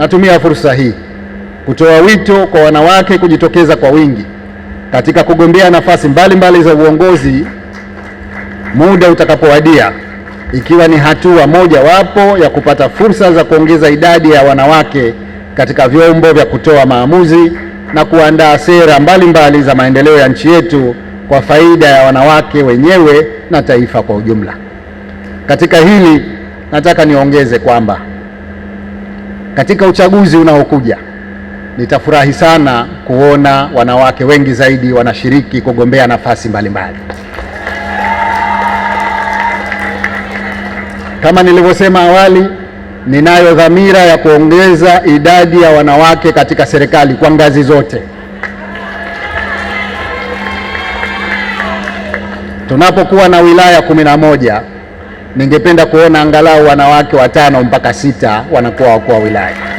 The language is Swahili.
Natumia fursa hii kutoa wito kwa wanawake kujitokeza kwa wingi katika kugombea nafasi mbalimbali za uongozi muda utakapowadia, ikiwa ni hatua moja wapo ya kupata fursa za kuongeza idadi ya wanawake katika vyombo vya kutoa maamuzi na kuandaa sera mbalimbali za maendeleo ya nchi yetu kwa faida ya wanawake wenyewe na taifa kwa ujumla. Katika hili nataka niongeze kwamba katika uchaguzi unaokuja nitafurahi sana kuona wanawake wengi zaidi wanashiriki kugombea nafasi mbalimbali mbali. Kama nilivyosema awali, ninayo dhamira ya kuongeza idadi ya wanawake katika serikali kwa ngazi zote. Tunapokuwa na wilaya kumi na moja ningependa kuona angalau wanawake watano mpaka sita wanakuwa wakuu wa wilaya.